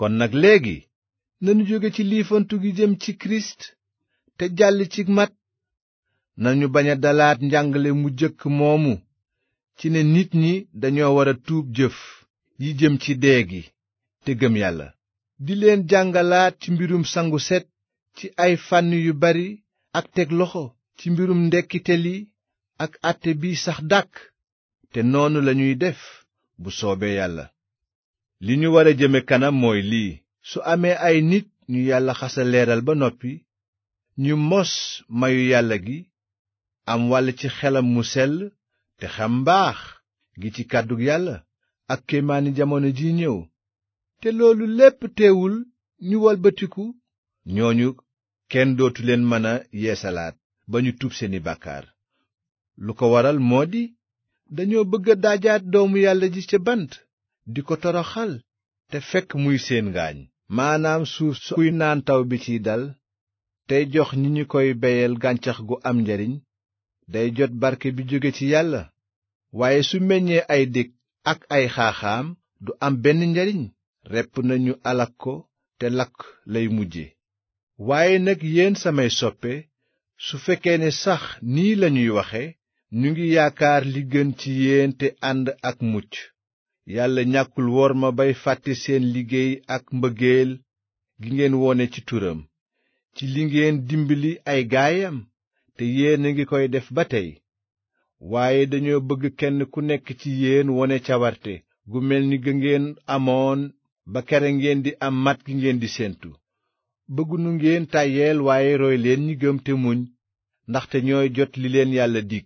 kon nag léegi nanu jóge ci liifantu gi jëm ci kirist te jàll ci mat nañu bañ a dalaat njàngale mu jëkk moomu ci ne nit ñi dañoo war a tuub jëf yi jëm ci dee gi te gëm yàlla di leen jàngalaat ci mbirum sangu set ci ay fànn yu bari ak teg loxo ci mbirum ndekkite li ak àtte bi sax dàkk te noonu lañuy def bu soobee yàlla li ñu war a jëme kanam mooy lii su amee ay nit ñu yàlla xasa leeral ba noppi ñu mos mayu yàlla gi am wàll ci xelam mu sell te xam mbaax gi ci kàddug yàlla ak kéemaani jamono ji ñëw te loolu lépp teewul ñu walbatiku ñooñu kenn dootu leen mën a yeesalaat ba ñu tub seeni bàkkaar lu ko waral moo di dañoo bëgg a daajaat doomu yàlla ji ca bant di ko toroxal te fekk muy seen ngaañ maanaam suuf su kuy naan taw bi ci dal tey jox ñi koy beyal gàncax gu am njariñ day jot barke bi jóge ci yàlla waaye su meññee ay dég ak ay xaaxaam du am benn njariñ repp nañu alak ko te lakk lay mujje waaye nag yéen samay soppe su fekkee ne sax nii lañuy waxe ñu ngi yaakaar li gën ci yéen te ànd ak mucc yàlla ñàkkul woor ma bay fàtte seen liggéey ak mbëggeel gi ngeen wone ci turam ci li ngeen dimbali ay gaayam te yéen a ngi koy def ba tey waaye dañoo bëgg kenn ku nekk ci yeen wone cawarte gu mel ni ga ngeen amoon ba kere ngeen di am mat gi ngeen di séentu bëggunu ngeen tàyyeel waaye roy leen ñi gëm te muñ ndaxte ñooy jot li leen yàlla dig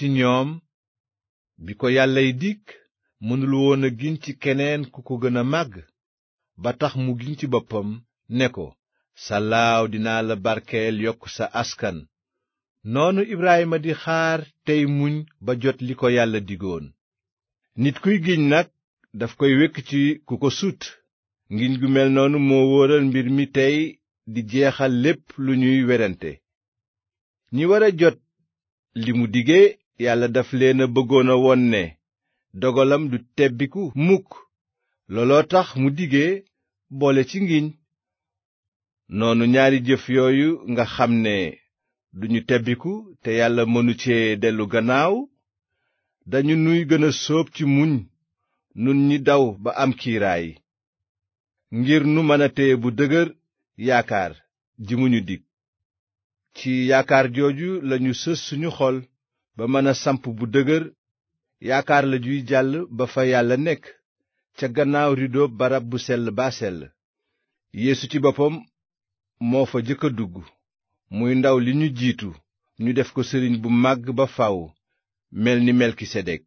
ci bi ko yàllay dikk mënul woon a gin ci keneen ku ko gëna màgg ba tax mu giñ ci boppam ne ko salaaw dinaa la barkeel yokk sa askan noonu Ibrahima di xaar tey muñ ba jot li ko yàlla digoon nit kuy giñ nag daf koy wekk ci ku ko sut ngiñ gu mel noonu moo wóoral mbir mi tey di jeexal lépp lu ñuy werante ñi war a jot li mu dige yàlla daf leen bëggoona woon ne dogalam du tebbiku mukk looloo tax mu digee boole ci ngiñ noonu ñaari jëf yooyu nga xam ne duñu tebbiku te yàlla mënu cee dellu gannaaw dañu nuy gëna a ci muñ nun ñi daw ba am kiiraay ngir nu mën a téye bu dëgër yaakaar ji mu ñu dig ci yaakaar jooju lañu sës suñu xol ba mën a samp bu dëgër yaakaar la juy jàll ba fa yàlla nekk ca gannaaw rideau barab bu sell baa sell yéesu ci boppam moo fa jëkk a dugg muy ndaw li ñu jiitu ñu def ko sëriñ bu màgg ba faw mel ni melkisedek